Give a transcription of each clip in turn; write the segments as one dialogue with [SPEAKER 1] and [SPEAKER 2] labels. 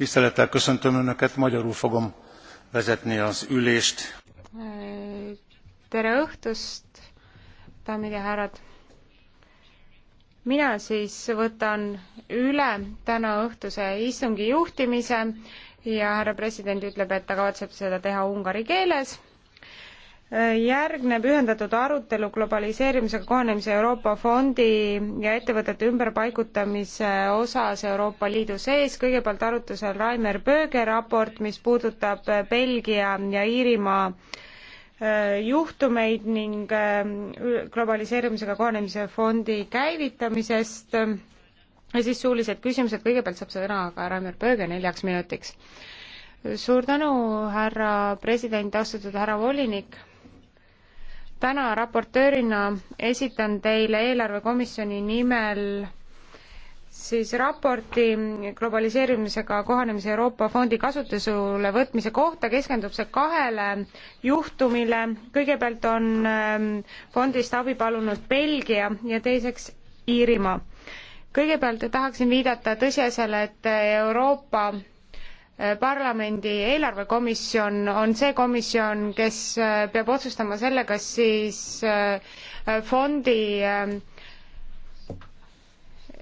[SPEAKER 1] tisztelettel köszöntöm önöket magyarul fogom vezetni az ülést.
[SPEAKER 2] tere õhtust daamid ja härrad! mina siis võtan üle tänaõhtuse istungi juhtimise ja härra president ütleb et ta kavatseb seda teha ungari keeles järgneb ühendatud arutelu globaliseerimisega kohanemise Euroopa Fondi ja ettevõtete ümberpaigutamise osas Euroopa Liidu sees. kõigepealt arutusel Rainer Bööge raport, mis puudutab Belgia ja Iirimaa äh, juhtumeid ning äh, globaliseerimisega kohanemise fondi käivitamisest. ja siis suulised küsimused, kõigepealt saab sõna ka Rainer Bööge neljaks minutiks. suur tänu, härra president, austatud härra volinik täna raportöörina esitan teile eelarvekomisjoni nimel siis raporti globaliseerimisega kohanemise Euroopa fondi kasutusele võtmise kohta keskendub see kahele juhtumile. kõigepealt on ähm, fondist abi palunud Belgia ja teiseks Iirimaa. kõigepealt tahaksin viidata tõsiasjale, et Euroopa Eh, parlamendi eelarvekomisjon on see komisjon, kes eh, peab otsustama selle, kas siis eh, fondi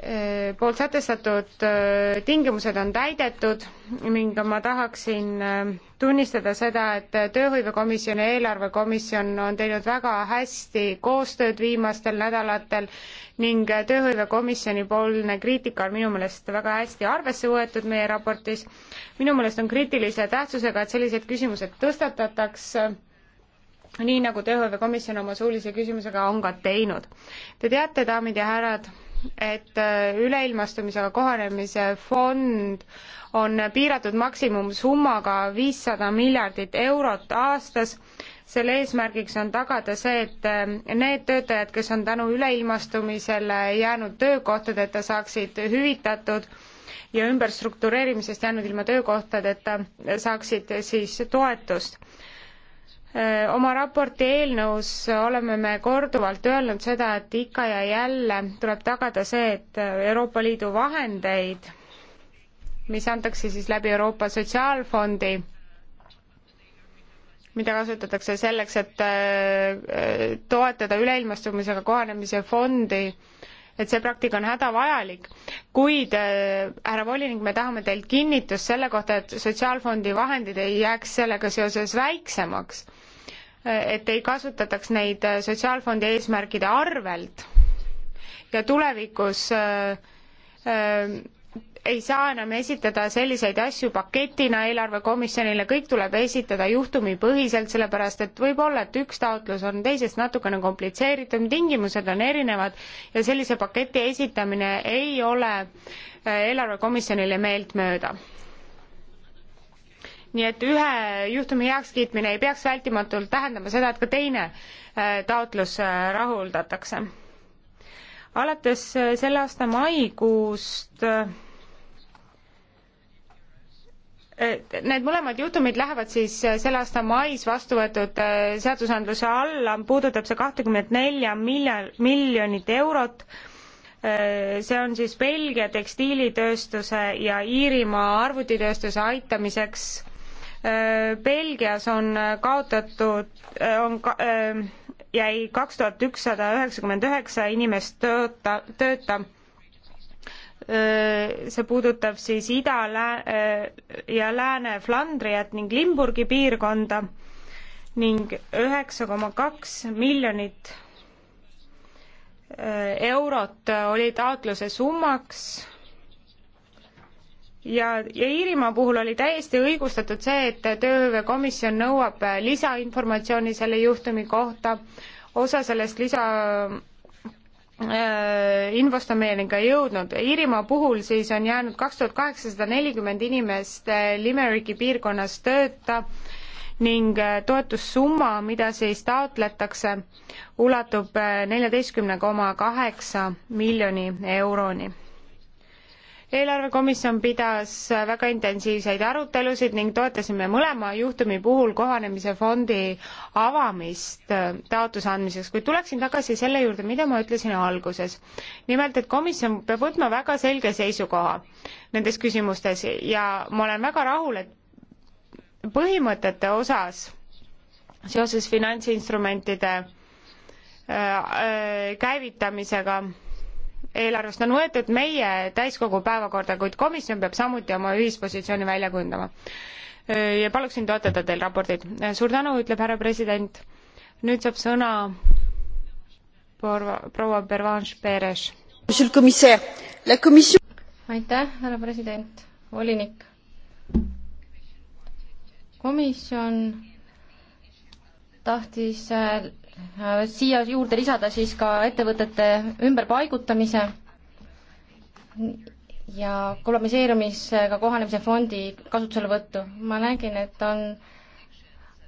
[SPEAKER 2] Äh, poolt sätestatud äh, tingimused on täidetud ning ma tahaksin äh, tunnistada seda, et Tööhõivekomisjon ja eelarvekomisjon on teinud väga hästi koostööd viimastel nädalatel ning Tööhõivekomisjoni poolne kriitika on minu meelest väga hästi arvesse võetud meie raportis. minu meelest on kriitilise tähtsusega, et sellised küsimused tõstatataks nii nagu Tööhõivekomisjon oma suulise küsimusega on ka teinud. Te teate, daamid ja härrad, et äh, üleilmastumisega kohanemise fond on piiratud maksimumsummaga viissada miljardit eurot aastas. selle eesmärgiks on tagada see, et äh, need töötajad, kes on tänu üleilmastumisele jäänud töökohtadeta, saaksid hüvitatud ja ümberstruktureerimisest jäänud ilma töökohtadeta saaksid siis toetust oma raporti eelnõus oleme me korduvalt öelnud seda, et ikka ja jälle tuleb tagada see, et Euroopa Liidu vahendeid, mis antakse siis läbi Euroopa Sotsiaalfondi, mida kasutatakse selleks, et toetada üleilmastumisega kohanemise fondi, et see praktika on hädavajalik, kuid härra volinik, me tahame teilt kinnitust selle kohta, et Sotsiaalfondi vahendid ei jääks sellega seoses väiksemaks et ei kasutataks neid äh, sotsiaalfondi eesmärkide arvelt ja tulevikus äh, äh, ei saa enam esitada selliseid asju paketina eelarvekomisjonile, kõik tuleb esitada juhtumipõhiselt, sellepärast et võib-olla, et üks taotlus on teisest natukene komplitseeritum, tingimused on erinevad ja sellise paketi esitamine ei ole äh, eelarvekomisjonile meeltmööda nii et ühe juhtumi heakskiitmine ei peaks vältimatult tähendama seda, et ka teine äh, taotlus äh, rahuldatakse. alates äh, selle aasta maikuust Need mõlemad juhtumid lähevad siis selle aasta mais vastu võetud seadusandluse alla, puudutab see kahtekümmet nelja miljon, miljonit eurot see on siis Belgia tekstiilitööstuse ja Iirimaa arvutitööstuse aitamiseks Äh, Belgias on kaotatud, äh, on ka, äh, jäi kaks tuhat ükssada üheksakümmend üheksa inimest tööta, tööta. see puudutab siis ida lää- ja lääne Flandriat ning Limburgi piirkonda ning üheksa koma kaks miljonit eurot oli taotluse summaks ja, ja Iirimaa puhul oli täiesti õigustatud see, et tööhõivekomisjon nõuab äh, lisainformatsiooni selle juhtumi kohta, osa sellest lisa äh, infost on meieni ka jõudnud. Iirimaa puhul siis on jäänud kaks tuhat kaheksasada nelikümmend inimest äh, Limericki piirkonnas tööta ning toetussumma, mida siis taotletakse, ulatub neljateistkümne koma kaheksa miljoni euroni eelarvekomisjon pidas väga intensiivseid arutelusid ning toetasime mõlema juhtumi puhul kohanemise fondi avamist äh, taotluse andmiseks, kuid tuleksin tagasi selle juurde, mida ma ütlesin alguses. nimelt, et komisjon peab võtma väga selge seisukoha nendes küsimustes ja ma olen väga rahul, et põhimõtete osas seoses finantsinstrumentide äh, äh, käivitamisega eelarvest on võetud meie täiskogu päevakorda, kuid komisjon peab samuti oma ühispositsiooni välja kujundama. ja paluksin toetada teil raportit. suur tänu, ütleb härra president. nüüd saab sõna proua Pervanche Perez.
[SPEAKER 3] aitäh, härra president, volinik. komisjon tahtis äh, Äh, siia juurde lisada siis ka ettevõtete ümberpaigutamise ja globaliseerumisega kohanemise fondi kasutuselevõttu. ma nägin, et on,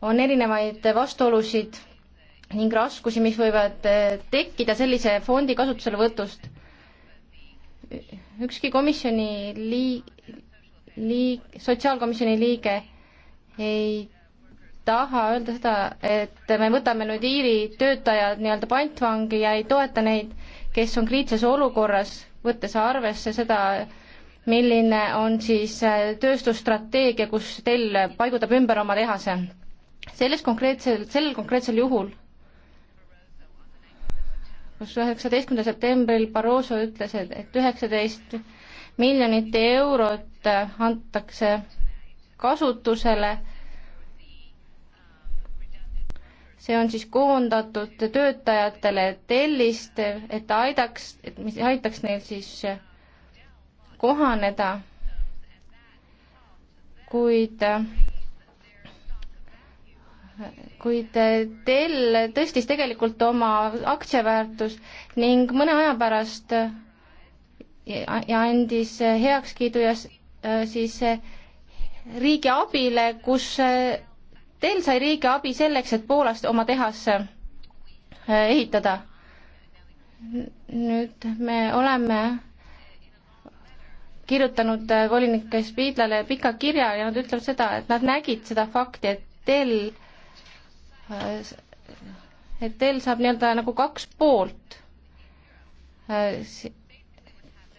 [SPEAKER 3] on erinevaid vastuolusid ning raskusi, mis võivad äh, tekkida sellise fondi kasutuselevõtust. ükski komisjoni lii-, lii-, sotsiaalkomisjoni liige ei taha öelda seda, et me võtame nüüd Iiri töötajad nii-öelda pantvangi ja ei toeta neid, kes on kriitilises olukorras, võttes arvesse seda, milline on siis äh, tööstusstrateegia, kus Dell paigutab ümber oma tehase. selles konkreetsel, sellel konkreetsel juhul, kus üheksateistkümnendal septembril Barroso ütles, et, et üheksateist miljonit eurot äh, antakse kasutusele see on siis koondatud töötajatele tellist, et aidaks, et mis aitaks neil siis kohaneda, kuid kuid Dell tõstis tegelikult oma aktsiaväärtust ning mõne aja pärast ja andis heakskiidu ja siis riigi abile, kus Teil sai riigi abi selleks, et Poolast oma tehas äh, ehitada. nüüd me oleme kirjutanud äh, volinik Spiidlale pika kirja ja nad ütlevad seda, et nad nägid seda fakti, et Dell, äh, et Dell saab nii-öelda nagu kaks poolt.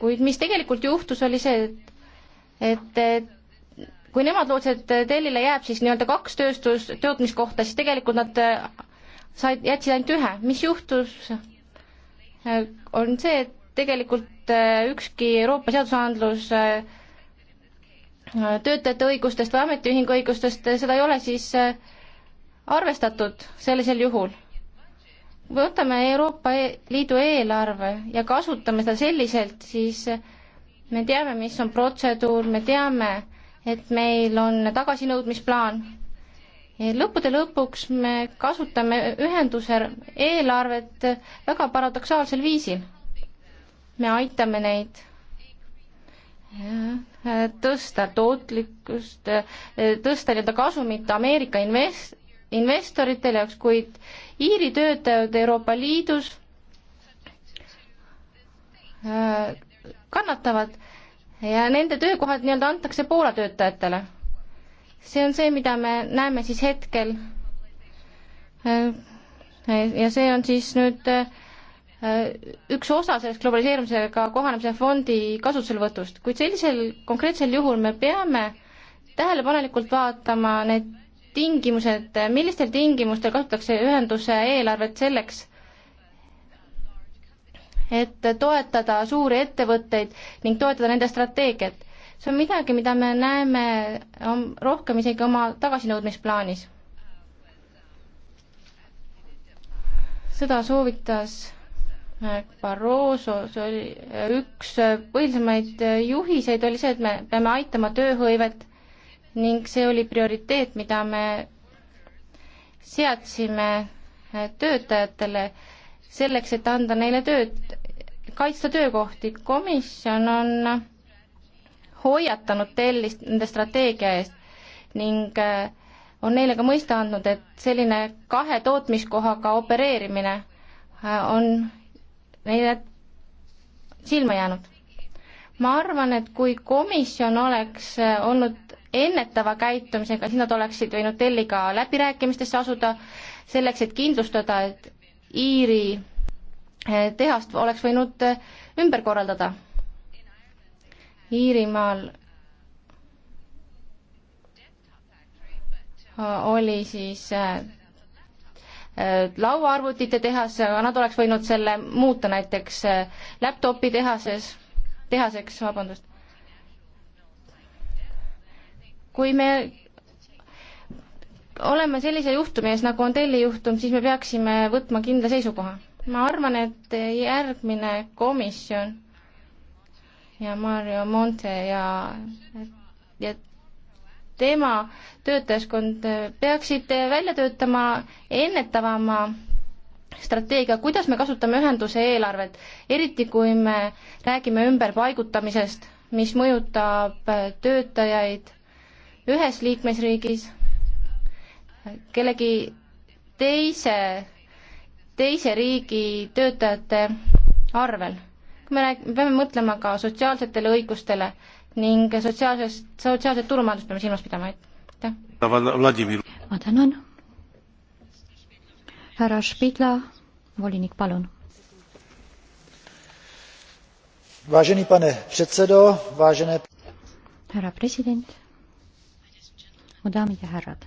[SPEAKER 3] kuid mis tegelikult juhtus, oli see, et, et kui nemad lootsid, et Dellile jääb siis nii-öelda kaks tööstus, tootmiskohta, siis tegelikult nad äh, said, jätsid ainult ühe. mis juhtus, äh, on see, et tegelikult äh, ükski Euroopa seadusandlus töötajate õigustest või ametiühingu õigustest, seda ei ole siis arvestatud sellisel juhul. võtame Euroopa e-, Liidu eelarve ja kasutame seda selliselt, siis me teame, mis on protseduur, me teame, et meil on tagasinõudmisplaan. lõppude lõpuks me kasutame ühenduse eelarvet väga paradoksaalsel viisil. me aitame neid äh, tõsta tootlikkust, äh, tõsta nii-öelda kasumit Ameerika invest-, investorite jaoks, kuid Iiri töötajad Euroopa Liidus äh, kannatavad ja nende töökohad nii-öelda antakse Poola töötajatele. see on see, mida me näeme siis hetkel. Äh, ja see on siis nüüd äh, üks osa sellest globaliseerumisega kohanemise fondi kasutuselevõtust, kuid sellisel konkreetsel juhul me peame tähelepanelikult vaatama need tingimused, millistel tingimustel kasutatakse ühenduse eelarvet selleks, et toetada suuri ettevõtteid ning toetada nende strateegiat. see on midagi, mida me näeme rohkem isegi oma tagasinõudmisplaanis. seda soovitas Barroso, see oli üks põhilisemaid juhiseid, oli see, et me peame aitama tööhõivet ning see oli prioriteet, mida me seadsime töötajatele selleks, et anda neile tööd kaitsta töökohti. komisjon on hoiatanud tellist, nende strateegia eest ning äh, on neile ka mõista andnud, et selline kahe tootmiskohaga opereerimine äh, on neile silma jäänud. ma arvan, et kui komisjon oleks äh, olnud ennetava käitumisega, siis nad oleksid võinud Telliga läbirääkimistesse asuda selleks, et kindlustada, et Iiri Eh, tehast oleks võinud eh, ümber korraldada. Iirimaal eh, oli siis lauaarvutite tehas, aga nad oleks võinud selle muuta näiteks laptopi tehases, tehaseks, vabandust. kui me oleme sellise juhtumi ees, nagu on Telli juhtum, siis me peaksime võtma kindla seisukoha ma arvan, et järgmine komisjon ja Mario Monte ja, ja tema töötajaskond peaksid välja töötama ennetavama strateegia, kuidas me kasutame ühenduse eelarvet, eriti kui me räägime ümberpaigutamisest, mis mõjutab töötajaid ühes liikmesriigis kellegi teise teise riigi töötajate arvel. me rääg-, me peame mõtlema ka sotsiaalsetele õigustele ning sotsiaalsest, sotsiaalset turumajandust peame silmas
[SPEAKER 1] pidama, aitäh. ma tänan. härra Špidla, volinik, palun. Vážený pane předsedo, vážené... Härra president, mu daamid ja härrad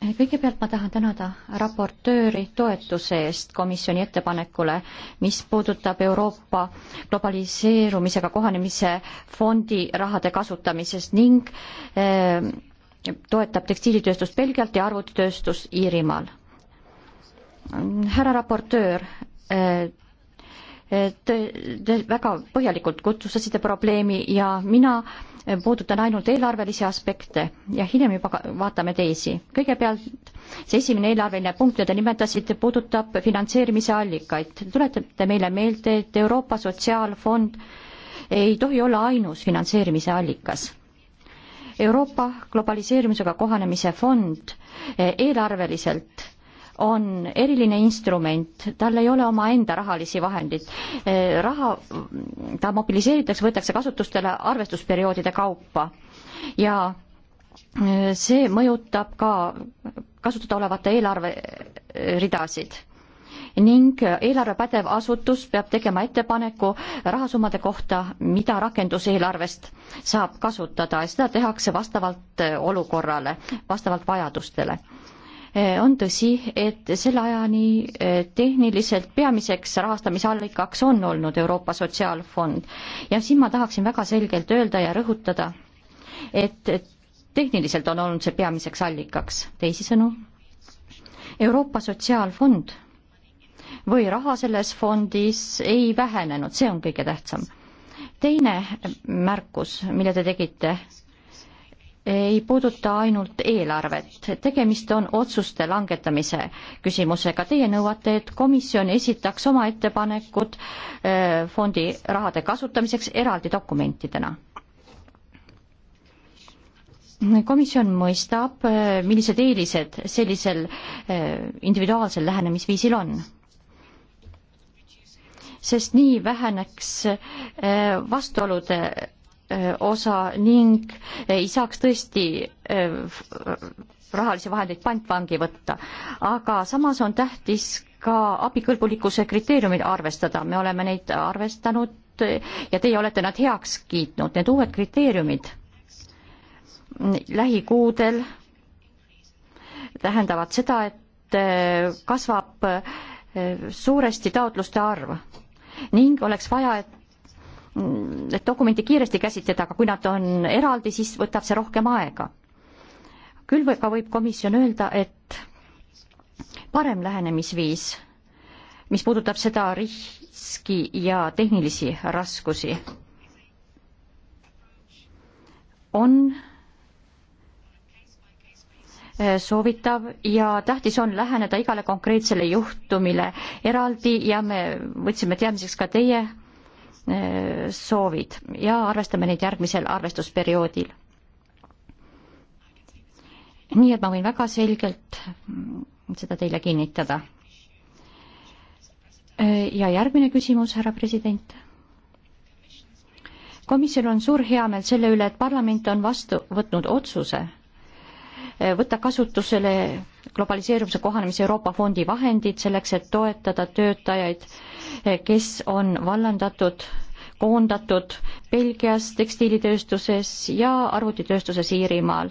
[SPEAKER 1] kõigepealt ma tahan tänada raportööri toetuse eest komisjoni ettepanekule, mis puudutab Euroopa globaliseerumisega kohanemise fondi rahade kasutamisest ning eh, toetab tekstiilitööstust Belgialt ja arvutitööstust Iirimaal. härra raportöör, eh, Te, te väga põhjalikult kutsustasite probleemi ja mina puudutan ainult eelarvelisi aspekte ja hiljem juba vaatame teisi. kõigepealt see esimene eelarveline punkt, mida te nimetasite, puudutab finantseerimise allikaid. tuletate meile meelde, et Euroopa Sotsiaalfond ei tohi olla ainus finantseerimise allikas. Euroopa globaliseerimisega kohanemise fond eh, eelarveliselt on eriline instrument, tal ei ole omaenda rahalisi vahendeid. Eh, raha, ta mobiliseeritakse, võetakse kasutustele arvestusperioodide kaupa ja eh, see mõjutab ka kasutada olevate eelarveridasid eh, ning eelarvepädev asutus peab tegema ettepaneku rahasummade kohta, mida rakenduseelarvest saab kasutada ja seda tehakse vastavalt olukorrale, vastavalt vajadustele Eh, on tõsi, et selle ajani eh, tehniliselt peamiseks rahastamisallikaks on olnud Euroopa Sotsiaalfond ja siin ma tahaksin väga selgelt öelda ja rõhutada, et tehniliselt on olnud see peamiseks allikaks, teisisõnu Euroopa Sotsiaalfond või raha selles fondis ei vähenenud, see on kõige tähtsam. teine märkus, mille te tegite ei puuduta ainult eelarvet, tegemist on otsuste langetamise küsimusega. Teie nõuate, et komisjon esitaks oma ettepanekud äh, fondi rahade kasutamiseks eraldi dokumentidena. komisjon mõistab, äh, millised eelised sellisel äh, individuaalsel lähenemisviisil on sest nii väheneks vastuolude osa ning ei saaks tõesti e, rahalisi vahendeid pantvangi võtta, aga samas on tähtis ka abikõlbulikkuse kriteeriumid arvestada, me oleme neid arvestanud ja teie olete nad heaks kiitnud, need uued kriteeriumid lähikuudel tähendavad seda, et e, kasvab e, suuresti taotluste arv ning oleks vaja, et Mm, et dokumenti kiiresti käsitleda, aga kui nad on eraldi, siis võtab see rohkem aega. küll või ka võib komisjon öelda, et parem lähenemisviis, mis puudutab seda riski ja tehnilisi raskusi, on soovitav ja tähtis on läheneda igale konkreetsele juhtumile eraldi ja me võtsime teadmiseks ka teie Äh, soovid ja arvestame neid järgmisel arvestusperioodil. nii et ma võin väga selgelt mm, seda teile kinnitada. Äh, ja järgmine küsimus, härra president. komisjonil on suur heameel selle üle, et parlament on vastu võtnud otsuse äh, võtta kasutusele globaliseerumise kohanemise Euroopa Fondi vahendid selleks, et toetada töötajaid äh, kes on vallandatud, koondatud Belgias tekstiilitööstuses ja arvutitööstuses Iirimaal.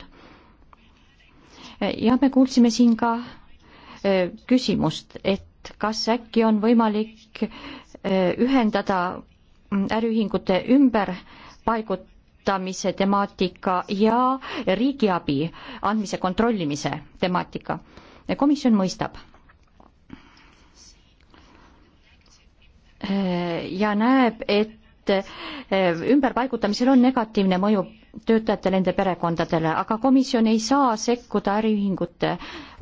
[SPEAKER 1] ja me kuulsime siin ka e, küsimust, et kas äkki on võimalik e, ühendada äriühingute ümberpaigutamise temaatika ja riigiabi andmise kontrollimise temaatika. komisjon mõistab Äh, ja näeb, et äh, ümberpaigutamisel on negatiivne mõju töötajatele, nende perekondadele, aga komisjon ei saa sekkuda äriühingute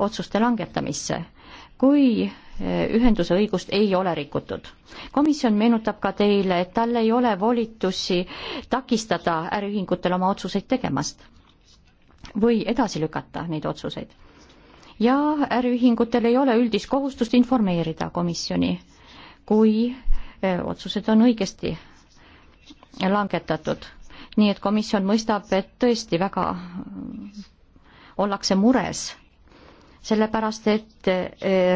[SPEAKER 1] otsuste langetamisse, kui äh, ühenduse õigust ei ole rikutud. komisjon meenutab ka teile, et tal ei ole volitusi takistada äriühingutel oma otsuseid tegemast või edasi lükata neid otsuseid. ja äriühingutel ei ole üldist kohustust informeerida komisjoni, kui otsused on õigesti langetatud. nii et komisjon mõistab, et tõesti väga ollakse mures sellepärast, et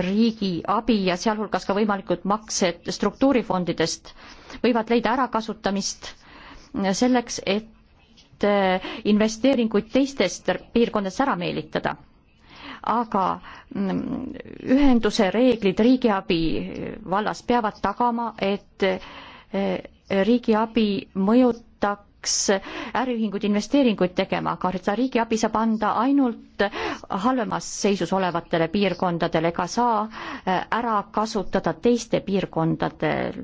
[SPEAKER 1] riigi abi ja sealhulgas ka võimalikud maksed struktuurifondidest võivad leida ärakasutamist selleks, et investeeringuid teistest piirkondadest ära meelitada aga mm, ühenduse reeglid riigiabi vallas peavad tagama, et eh, riigiabi mõjutab peaks äriühingud investeeringuid tegema, aga seda riigiabi saab anda ainult halvemas seisus olevatele piirkondadele ega saa eh, ära kasutada teiste piirkondadele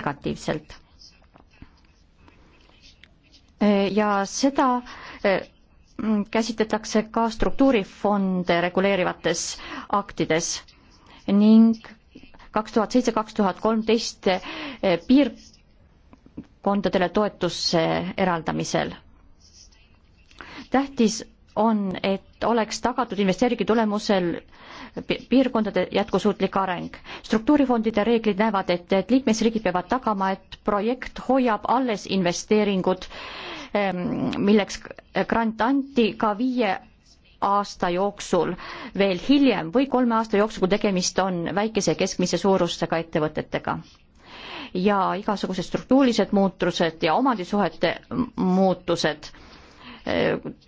[SPEAKER 1] negatiivselt. Eh, ja seda käsitletakse ka struktuurifonde reguleerivates aktides ning kaks tuhat seitse, kaks tuhat kolmteist eh, piirkondadele toetuse eraldamisel. tähtis on, et oleks tagatud investeeringu tulemusel piirkondade jätkusuutlik areng. struktuurifondide reeglid näevad ette, et liikmesriigid peavad tagama, et projekt hoiab alles investeeringud Ehm, milleks grant anti ka viie aasta jooksul veel hiljem või kolme aasta jooksul, kui tegemist on väikese ja keskmise suurustega ettevõtetega. ja igasugused struktuurilised muutused ja omandisuhete muutused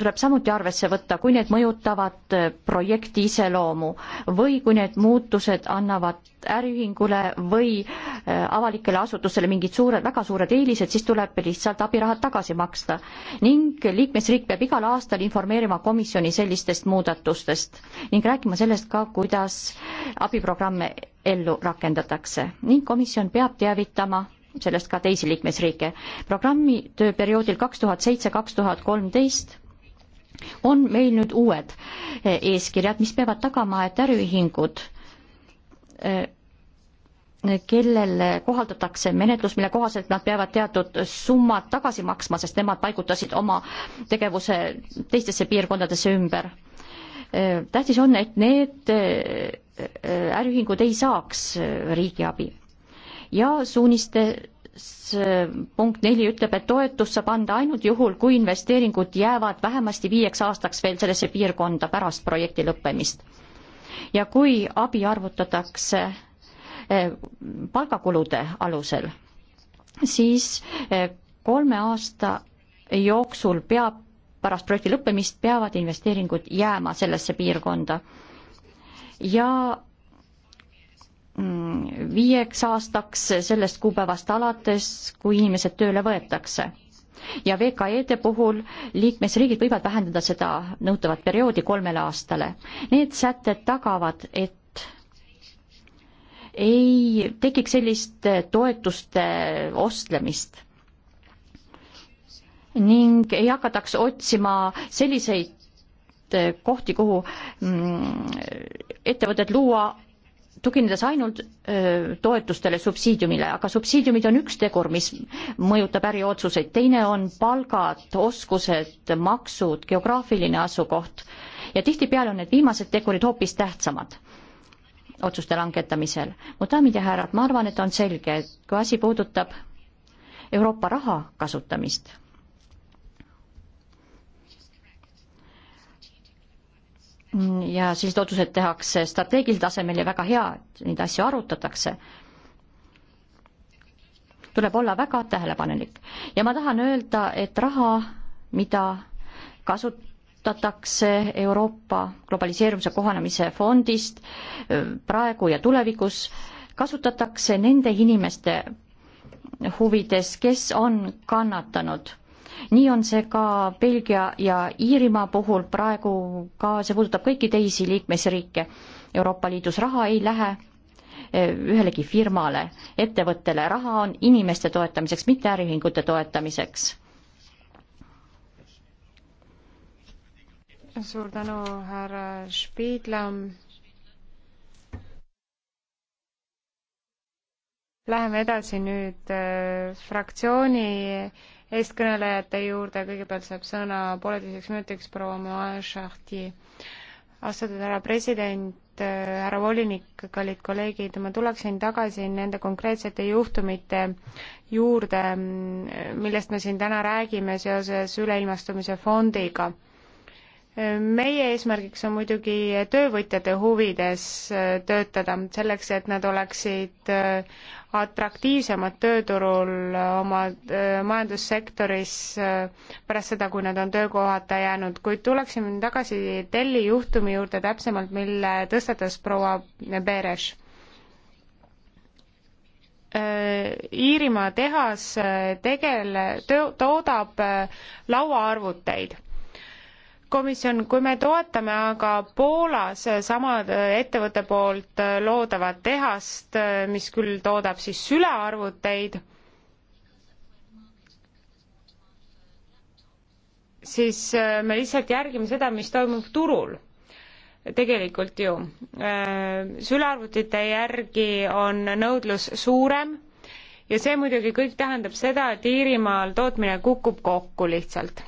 [SPEAKER 1] tuleb samuti arvesse võtta, kui need mõjutavad projekti iseloomu või kui need muutused annavad äriühingule või äh, avalikele asutusele mingid suured, väga suured eelised, siis tuleb lihtsalt abirahad tagasi maksta. ning liikmesriik peab igal aastal informeerima komisjoni sellistest muudatustest ning rääkima sellest ka, kuidas abiprogramme ellu rakendatakse ning komisjon peab teavitama sellest ka teisi liikmesriike. programmi tööperioodil kaks tuhat seitse, kaks tuhat kolmteist on meil nüüd uued eh, eeskirjad, mis peavad tagama, et äriühingud, eh, kellele kohaldatakse menetlus, mille kohaselt nad peavad teatud summad tagasi maksma, sest nemad paigutasid oma tegevuse teistesse piirkondadesse ümber. Eh, tähtis on, et need äriühingud ei saaks riigiabi ja suunistes äh, punkt neli ütleb, et toetust saab anda ainult juhul, kui investeeringud jäävad vähemasti viieks aastaks veel sellesse piirkonda pärast projekti lõppemist. ja kui abi arvutatakse äh, palgakulude alusel, siis äh, kolme aasta jooksul peab, pärast projekti lõppemist peavad investeeringud jääma sellesse piirkonda. ja Mm, viieks aastaks sellest kuupäevast alates, kui inimesed tööle võetakse. ja VKE-de puhul liikmesriigid võivad vähendada seda nõutavat perioodi kolmele aastale. Need sätted tagavad, et ei tekiks sellist toetuste ostlemist ning ei hakataks otsima selliseid kohti, kuhu mm, ettevõtted luua tuginedes ainult öö, toetustele, subsiidiumile, aga subsiidiumid on üks tegur, mis mõjutab äriotsuseid, teine on palgad, oskused, maksud, geograafiline asukoht ja tihtipeale on need viimased tegurid hoopis tähtsamad otsuste langetamisel. mu daamid ja härrad, ma arvan, et on selge, et kui asi puudutab Euroopa raha kasutamist ja sellised otsused tehakse strateegilisel tasemel ja väga hea, et neid asju arutatakse. tuleb olla väga tähelepanelik ja ma tahan öelda, et raha, mida kasutatakse Euroopa globaliseerumise kohanemise fondist praegu ja tulevikus, kasutatakse nende inimeste huvides, kes on kannatanud nii on see ka Belgia ja Iirimaa puhul praegu ka, see puudutab kõiki teisi liikmesriike. Euroopa Liidus raha ei lähe eh, ühelegi firmale, ettevõttele, raha on inimeste toetamiseks, mitte äriühingute toetamiseks.
[SPEAKER 2] suur tänu, härra Spiidla. Läheme edasi nüüd äh, fraktsiooni eestkõnelejate juurde, kõigepealt saab sõna pooleteiseks minutiks proua Moen Chartier. austatud härra president, äh, härra volinik, kallid kolleegid, ma tuleksin tagasi nende konkreetsete juhtumite juurde, mm, millest me siin täna räägime seoses üleilmastumise fondiga meie eesmärgiks on muidugi töövõtjate huvides äh, töötada, selleks et nad oleksid äh, atraktiivsemad tööturul äh, oma majandussektoris pärast seda, kui nad on töökohata jäänud, kuid tuleksime tagasi Telli juhtumi juurde täpsemalt, mille tõstatas proua Beres Iirimaa tehas tegele- to,, toodab lauaarvuteid komisjon, kui me toetame aga Poolas samade äh, ettevõtte poolt äh, loodavat tehast, äh, mis küll toodab siis sülearvuteid, siis me lihtsalt järgime seda, mis toimub turul tegelikult ju. sülearvutite järgi on nõudlus suurem ja see muidugi kõik tähendab seda, et Iirimaal tootmine kukub kokku lihtsalt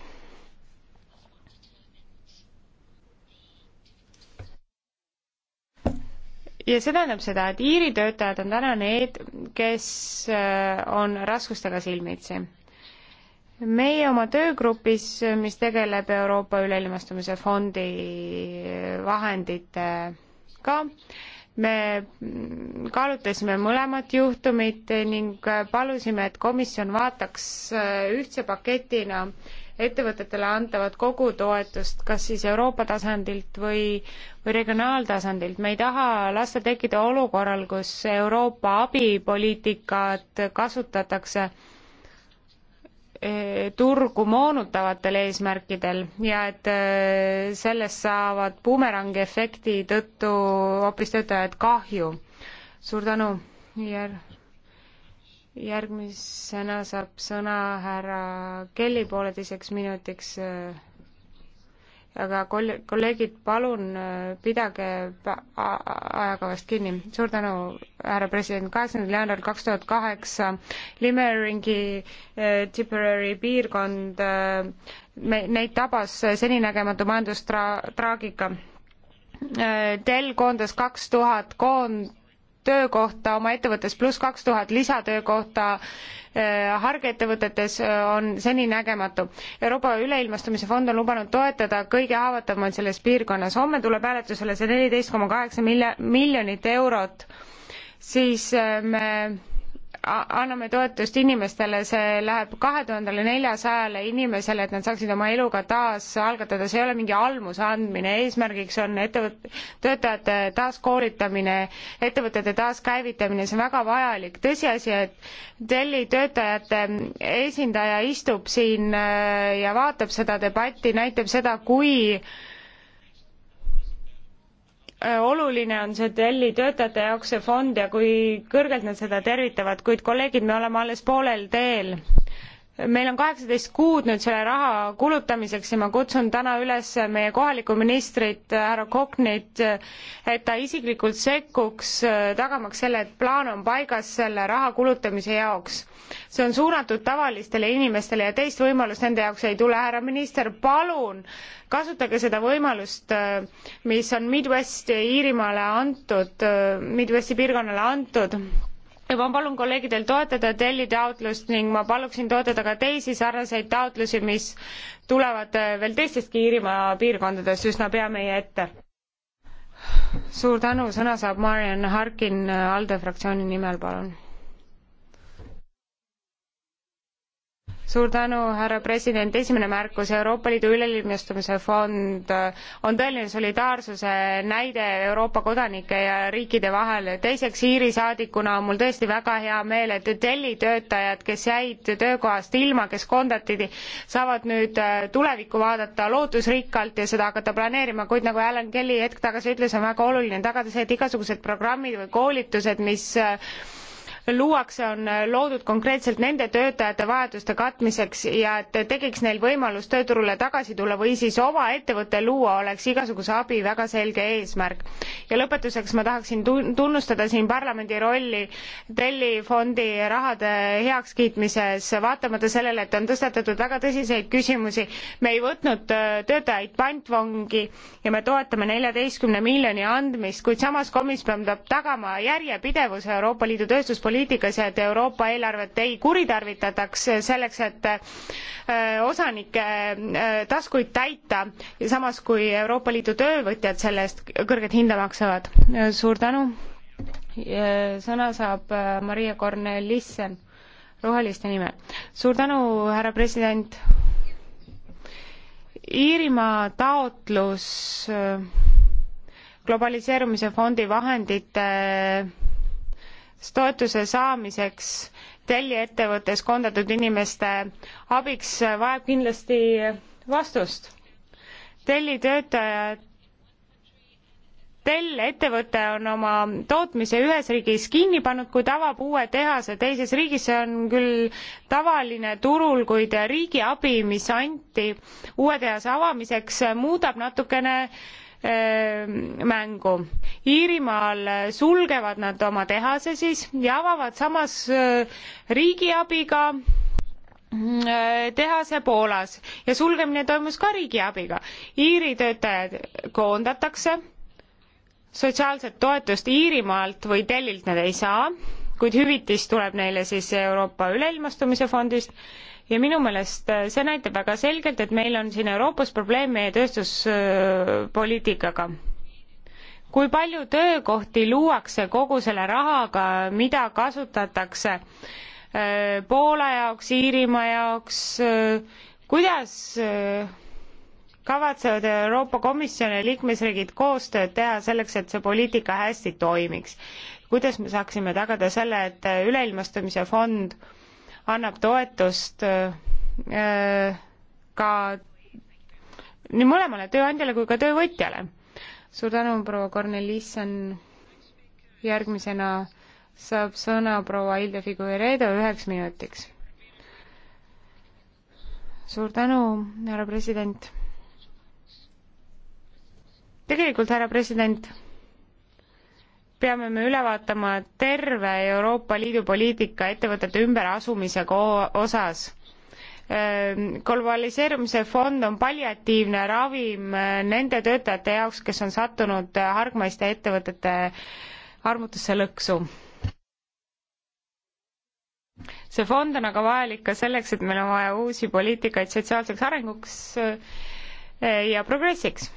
[SPEAKER 2] ja see tähendab seda, et Iiri töötajad on täna need, kes äh, on raskustega silmitsi. meie oma töögrupis, mis tegeleb Euroopa Üleilmastumise Fondi äh, vahenditega, me kaalutlesime mõlemat juhtumit ning äh, palusime, et komisjon vaataks ühtse paketina äh, ettevõtetele antavat kogutoetust, kas siis Euroopa tasandilt või, või regionaaltasandilt. me ei taha lasta tekkida olukorral, kus Euroopa abipoliitikat kasutatakse eh, turgu moonutavatel eesmärkidel ja et eh, sellest saavad bumerangi efekti tõttu hoopis töötajad kahju. suur tänu, Jär järgmisena saab sõna härra Kelly pooleteiseks minutiks. aga koll-, kolleegid, palun äh, pidage ajakavast kinni. suur tänu, härra president, kaheksandal jaanuaril kaks tuhat kaheksa Limeringi äh, Tipperary piirkond äh,, me, neid tabas äh, seninägematu majandustraagika äh,. Dell koondas kaks tuhat koond-, töökohta oma ettevõttes, pluss kaks tuhat lisatöökohta äh, hargettevõtetes äh, on seninägematu. Euroopa Üleilmastumise Fond on lubanud toetada kõige haavatavamaid selles piirkonnas. homme tuleb hääletusele see neliteist koma kaheksa miljonit eurot, siis äh, me anname toetust inimestele, see läheb kahe tuhandele neljasajale inimesele, et nad saaksid oma eluga taas algatada, see ei ole mingi almuse andmine, eesmärgiks on ettevõt-, töötajate taaskoolitamine, ettevõtete taaskäivitamine, see on väga vajalik. tõsiasi, et Delli töötajate esindaja istub siin äh, ja vaatab seda debatti, näitab seda, kui Äh, oluline on see Delli töötajate jaoks see fond ja kui kõrgelt nad seda tervitavad, kuid kolleegid, me oleme alles poolel teel meil on kaheksateist kuud nüüd selle raha kulutamiseks ja ma kutsun täna üles meie kohalikku ministrit äh, härra Koknit, äh, et ta isiklikult sekkuks, äh, tagamaks selle, et plaan on paigas selle raha kulutamise jaoks. see on suunatud tavalistele inimestele ja teist võimalust nende jaoks ei tule. härra minister, palun kasutage seda võimalust, mis on Midwest Iirimaale antud, Midwesti piirkonnale antud ja ma palun kolleegidel toetada Delhi taotlust ning ma paluksin toetada ka teisi sarnaseid taotlusi, mis tulevad äh, veel teistestki Iirimaa piirkondadest üsna pea meie ette. suur tänu, sõna saab Mariann Harkin äh, ALDE fraktsiooni nimel, palun suur tänu, härra president, esimene märkus, Euroopa Liidu üleilmestumise fond äh, on tõeline solidaarsuse näide Euroopa kodanike ja riikide vahel. teiseks, Iiri saadikuna on mul tõesti väga hea meel, et tellitöötajad, kes jäid töökohast ilma, kes koondati, saavad nüüd äh, tulevikku vaadata lootusrikkalt ja seda hakata planeerima, kuid nagu Alan Kelly hetk tagasi ütles, on väga oluline tagada see, et igasugused programmid või koolitused, mis äh, luuakse, on loodud konkreetselt nende töötajate vajaduste katmiseks ja et tekiks neil võimalus tööturule tagasi tulla või siis oma ettevõte luua, oleks igasuguse abi väga selge eesmärk. ja lõpetuseks ma tahaksin tunnustada siin parlamendi rolli Telli fondi rahade heakskiitmises, vaatamata sellele, et on tõstatatud väga tõsiseid küsimusi, me ei võtnud äh, töötajaid pantvangi ja me toetame neljateistkümne miljoni andmist, kuid samas komisjon peab tagama järjepidevuse Euroopa Liidu tööstuspoliitikas, poliitikas ja et Euroopa eelarvet ei kuritarvitataks selleks, et äh, osanike äh, taskuid täita, samas kui Euroopa Liidu töövõtjad selle eest kõrget hinda maksavad. suur tänu. sõna saab äh, Maria Kornelissen roheliste nimel. suur tänu, härra president. Iirimaa taotlus globaliseerumise fondi vahendite äh, toetuse saamiseks telliettevõttes koondatud inimeste abiks vajab kindlasti vastust. tellitöötajad Tell ettevõte on oma tootmise ühes riigis kinni pannud, kuid avab uue tehase teises riigis, see on küll tavaline turul, kuid riigiabi, mis anti uue tehase avamiseks, muudab natukene äh, Äh, mängu. Iirimaal sulgevad nad oma tehase siis ja avavad samas äh, riigiabiga mm, äh, tehase Poolas ja sulgemine toimus ka riigiabiga. Iiri töötajad koondatakse, sotsiaalset toetust Iirimaalt või Tellilt nad ei saa kuid hüvitis tuleb neile siis Euroopa Üleilmastumise Fondist ja minu meelest äh, see näitab väga selgelt, et meil on siin Euroopas probleem meie tööstuspoliitikaga. kui palju töökohti luuakse kogu selle rahaga, mida kasutatakse äh, Poola jaoks, Iirimaa jaoks, äh, kuidas kavatsevad Euroopa Komisjon ja liikmesriigid koostööd teha selleks, et see poliitika hästi toimiks kuidas me saaksime tagada selle, et Üleilmastumise fond annab toetust äh, ka nii mõlemale tööandjale kui ka töövõtjale. suur tänu, proua Kornelisson. järgmisena saab sõna proua Hilde Figueredo üheks minutiks. suur tänu, härra president. tegelikult, härra president peame me üle vaatama terve Euroopa Liidu poliitika ettevõtete ümberasumise osas ehm, globaliseerumise fond on palliatiivne ravim eh, nende töötajate jaoks, kes on sattunud hargmaiste ettevõtete armutusse lõksu. see fond on aga vajalik ka selleks, et meil on vaja uusi poliitikaid sotsiaalseks arenguks eh, ja progressiks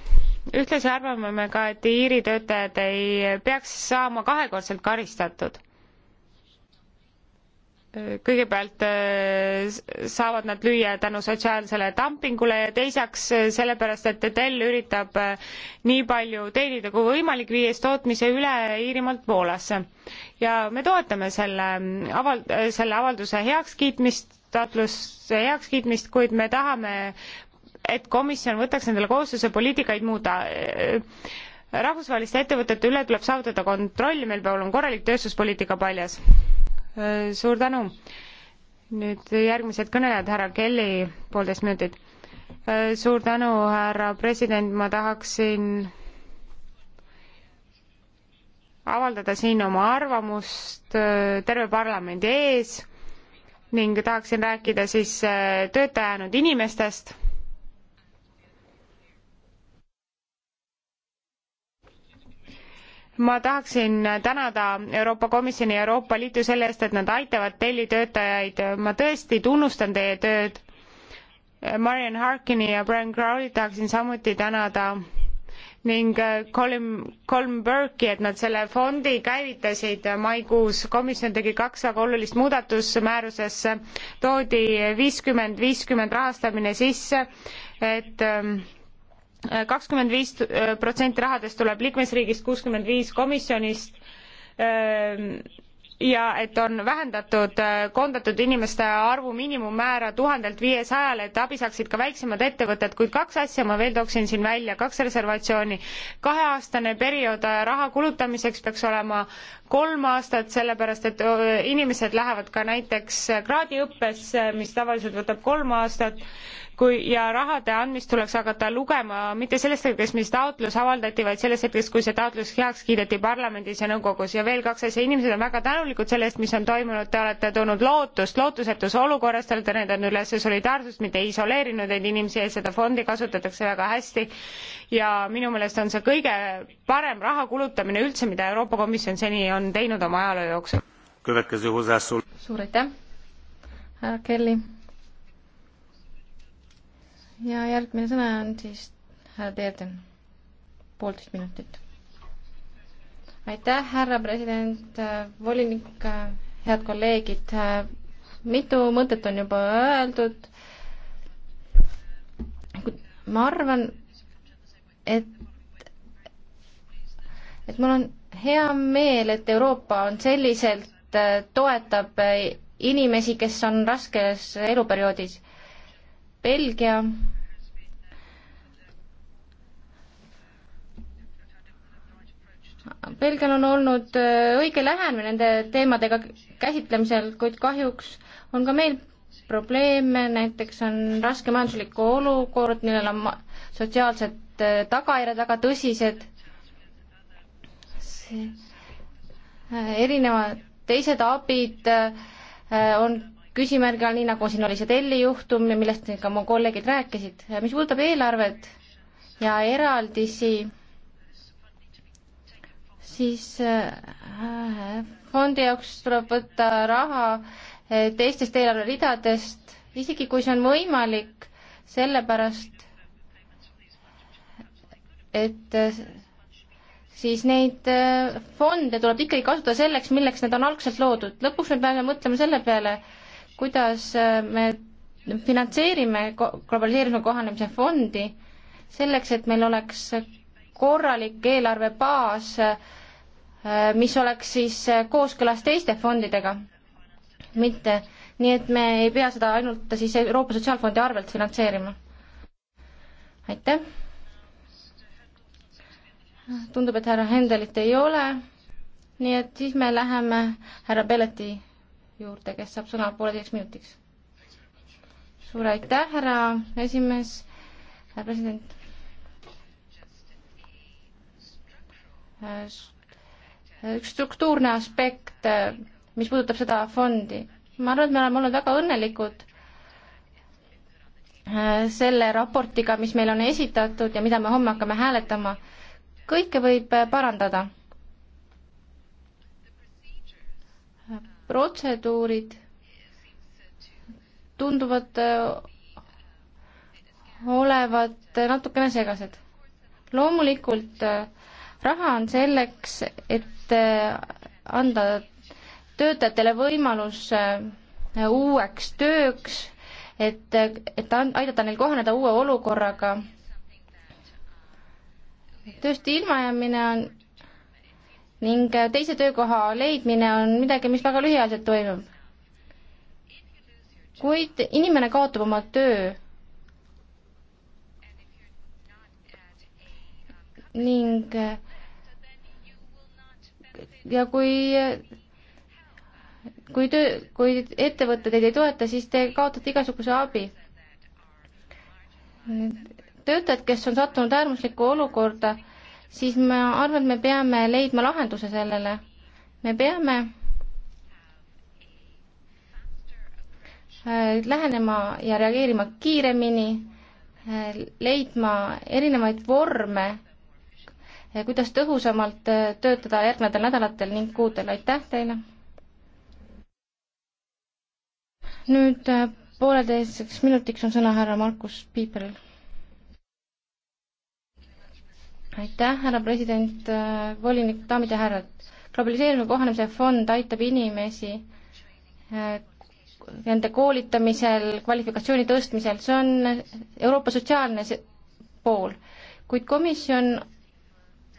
[SPEAKER 2] ühtlasi arvame me ka, et Iiri töötajad ei peaks saama kahekordselt karistatud. kõigepealt äh, saavad nad lüüa tänu sotsiaalsele dumpingule ja teiseks äh, sellepärast, et Dell üritab äh, nii palju teenida kui võimalik, viies tootmise üle Iirimaalt Poolasse. ja me toetame selle mm, aval-, selle avalduse heakskiitmist, taotluse heakskiitmist, kuid me tahame et komisjon võtaks endale kohustuse poliitikaid muuta rahvusvaheliste ettevõtete üle tuleb saavutada kontroll, meil peab olema korralik tööstuspoliitika paljas. suur tänu. nüüd järgmised kõnelejad, härra Kelly, poolteist minutit. suur tänu, härra president, ma tahaksin avaldada siin oma arvamust äh, terve parlamendi ees ning tahaksin rääkida siis äh, tööta jäänud inimestest ma tahaksin tänada Euroopa Komisjoni ja Euroopa Liitu selle eest, et nad aitavad tellitöötajaid, ma tõesti tunnustan teie tööd. Marian Harkini ja Brian Crowley tahaksin samuti tänada ning äh, Colin, Colin Burke'i, et nad selle fondi käivitasid maikuus. komisjon tegi kaks väga olulist muudatust määrusesse, toodi viiskümmend, viiskümmend rahastamine sisse, et ähm, kakskümmend viis äh, protsenti rahadest tuleb liikmesriigist, kuuskümmend viis komisjonist ähm, ja et on vähendatud äh, koondatud inimeste arvu miinimummäära tuhandelt viiesajale, et abi saaksid ka väiksemad ettevõtted, kuid kaks asja ma veel tooksin siin välja, kaks reservatsiooni. kaheaastane periood äh, raha kulutamiseks peaks olema kolm aastat, sellepärast et inimesed lähevad ka näiteks kraadiõppesse, mis tavaliselt võtab kolm aastat kui ja rahade andmist tuleks hakata lugema mitte sellest hetkest, mis taotlus avaldati, vaid sellest hetkest, kui see taotlus heaks kiideti parlamendis ja nõukogus ja veel kaks asja, inimesed on väga tänulikud selle eest, mis on toimunud, te olete toonud lootust, lootusetus olukorras, te olete näidanud üles solidaarsust, mitte isoleerinud neid inimesi ja seda fondi kasutatakse väga hästi ja minu meelest on see kõige parem raha kulutamine üldse, mida Euroopa Komisjon seni on teinud oma ajaloo jooksul. suur aitäh, härra Kelly
[SPEAKER 3] ja järgmine sõna on siis härra Teerden, poolteist minutit. aitäh, härra president, äh, volinik, äh, head kolleegid, äh, mitu mõtet on juba öeldud. ma arvan, et, et mul on hea meel, et Euroopa on selliselt, toetab inimesi, kes on raskes eluperioodis Belgia Belgial on olnud äh, õige lähenemine nende teemadega käsitlemisel, kuid kahjuks on ka meil probleeme, näiteks on raske majanduslik olukord, millel on sotsiaalsed äh, tagajärjed väga tõsised. Äh, erinevad teised abid on küsimärgi all, nii nagu siin oli see Telli juhtum ja millest ka mu kolleegid rääkisid. mis puudutab eelarvet ja eraldisi, siis äh, fondi jaoks tuleb võtta raha äh, teistest eelarveridadest, isegi kui see on võimalik, sellepärast et äh, siis neid fonde tuleb ikkagi kasutada selleks, milleks need on algselt loodud. lõpuks me peame mõtlema selle peale, kuidas äh, me finantseerime globaliseerimise kohanemise fondi selleks, et meil oleks korralik eelarvebaas, äh, mis oleks siis äh, kooskõlas teiste fondidega, mitte nii, et me ei pea seda ainult siis Euroopa Sotsiaalfondi arvelt finantseerima. aitäh. tundub, et härra Hendelit ei ole, nii et siis me läheme härra Belleti juurde, kes saab sõna pooleteiseks minutiks. suur aitäh, härra esimees, härra president. üks struktuurne aspekt, mis puudutab seda fondi. ma arvan, et me oleme olnud väga õnnelikud selle raportiga, mis meile on esitatud ja mida me homme hakkame hääletama. kõike võib parandada protseduurid tunduvad äh, olevat natukene segased. loomulikult äh, raha on selleks, et äh, anda töötajatele võimalus uueks tööks, et, et aidata neil kohaneda uue olukorraga. tööst ilmajäämine on ning teise töökoha leidmine on midagi, mis väga lühiajaliselt toimub. kuid inimene kaotab oma töö ning ja kui kui töö, kui ettevõte teid ei toeta, siis te kaotate igasuguse abi. töötajad, kes on sattunud äärmuslikku olukorda, siis ma arvan, et me peame leidma lahenduse sellele. me peame äh, lähenema ja reageerima kiiremini, äh, leidma erinevaid vorme, äh, kuidas tõhusamalt töötada järgnevatel nädalatel ning kuudel, aitäh teile! nüüd pooleteiseks minutiks on sõna härra Markus Piiperil aitäh, härra president, äh, volinik, daamid ja härrad. globaliseerimise kohanemise fond aitab inimesi äh, nende koolitamisel, kvalifikatsiooni tõstmisel, see on Euroopa sotsiaalne pool, kuid komisjon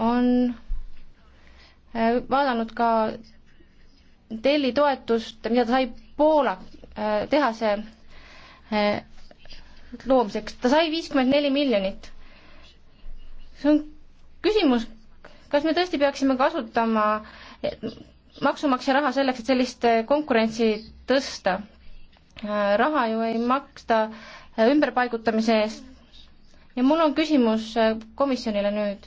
[SPEAKER 3] on äh, vaadanud ka tellitoetust, mida ta sai Poola tehase loomiseks, ta sai viiskümmend neli miljonit. see on küsimus, kas me tõesti peaksime kasutama eh, maksumaksja raha selleks, et sellist eh, konkurentsi tõsta? Äh, raha ju ei maksta äh, ümberpaigutamise eest. ja mul on küsimus äh, komisjonile nüüd.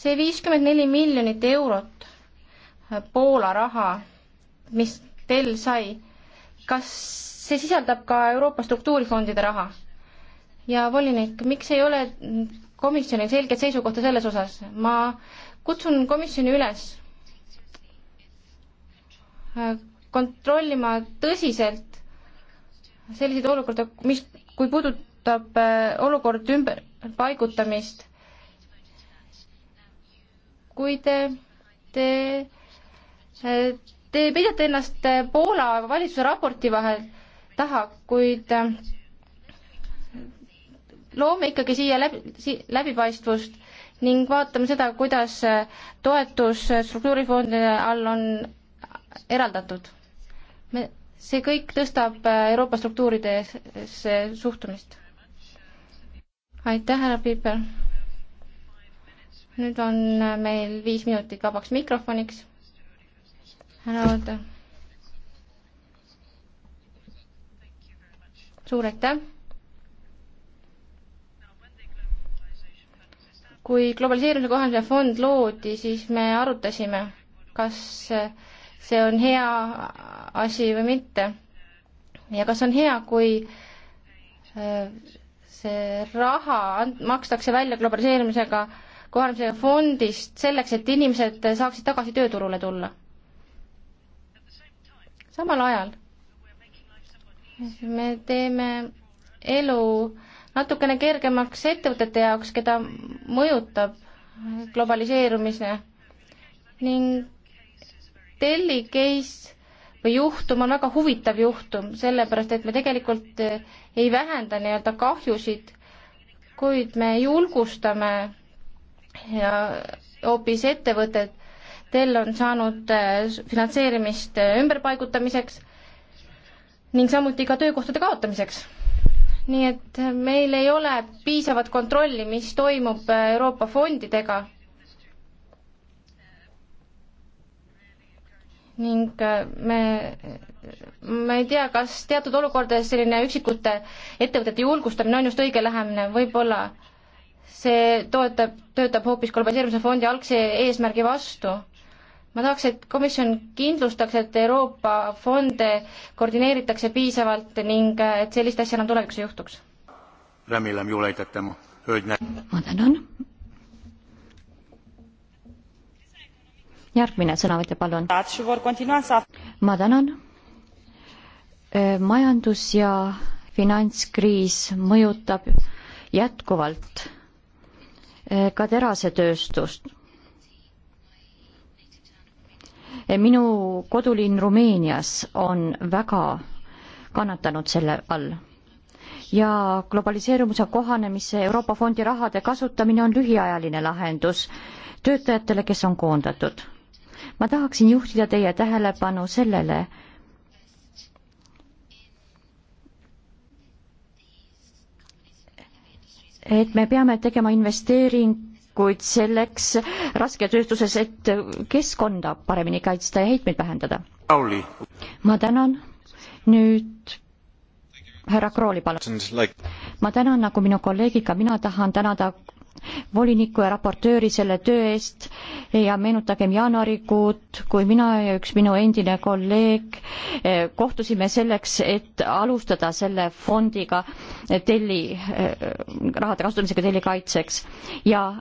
[SPEAKER 3] see viiskümmend neli miljonit eurot Poola raha, mis teil sai, kas see sisaldab ka Euroopa struktuurifondide raha? ja volinik, miks ei ole komisjonil selget seisukohta selles osas. ma kutsun komisjoni üles äh, kontrollima tõsiselt selliseid olukorda, mis, kui puudutab äh, olukord ümberpaigutamist. kui te, te, äh, te peidate ennast Poola valitsuse raporti vahel taha, kuid te loome ikkagi siia läbi, läbipaistvust ning vaatame seda, kuidas toetus struktuurifondide all on eraldatud. me, see kõik tõstab Euroopa struktuuridesse suhtumist. aitäh, härra Piiper. nüüd on meil viis minutit vabaks mikrofoniks. härra Oota. suur aitäh kui globaliseerumise kohaline fond loodi, siis me arutasime, kas see on hea asi või mitte. ja kas on hea, kui äh, see raha makstakse välja globaliseerimisega kohanemisega fondist selleks, et inimesed saaksid tagasi tööturule tulla. samal ajal me teeme elu natukene kergemaks ettevõtete jaoks, keda mõjutab globaliseerumine ning Delli case või juhtum on väga huvitav juhtum, sellepärast et me tegelikult eh, ei vähenda nii-öelda kahjusid, kuid me julgustame ja hoopis ettevõtted, Dell on saanud eh, finantseerimist eh, ümberpaigutamiseks ning samuti ka töökohtade kaotamiseks nii et meil ei ole piisavat kontrolli, mis toimub Euroopa fondidega. ning äh, me, ma ei tea, kas teatud olukordades selline üksikute ettevõtete julgustamine on just õige lähemine, võib-olla see toetab, töötab hoopis globaliseerimise fondi algse eesmärgi vastu ma tahaks, et komisjon kindlustaks, et Euroopa fonde koordineeritakse piisavalt ning äh, et sellist asja enam tulevikus ei juhtuks.
[SPEAKER 1] ma tänan. järgmine sõnavõtja, palun. ma tänan. majandus ja finantskriis mõjutab jätkuvalt ka terasetööstust Eh, minu kodulinn Rumeenias on väga kannatanud selle all ja globaliseerumise kohanemise Euroopa Fondi rahade kasutamine on lühiajaline lahendus töötajatele, kes on koondatud. ma tahaksin juhtida teie tähelepanu sellele, et me peame tegema investeering ettepanekuid selleks rasketööstuses, et keskkonda paremini kaitsta ja heitmeid vähendada. ma tänan, nüüd härra Krooli, palun. ma tänan, nagu minu kolleegid, ka mina tahan tänada voliniku ja raportööri selle töö eest ja meenutagem jaanuarikuud, kui mina ja üks minu endine kolleeg eh, kohtusime selleks, et alustada selle fondiga eh, telli, eh, rahade kasutamisega telli kaitseks ja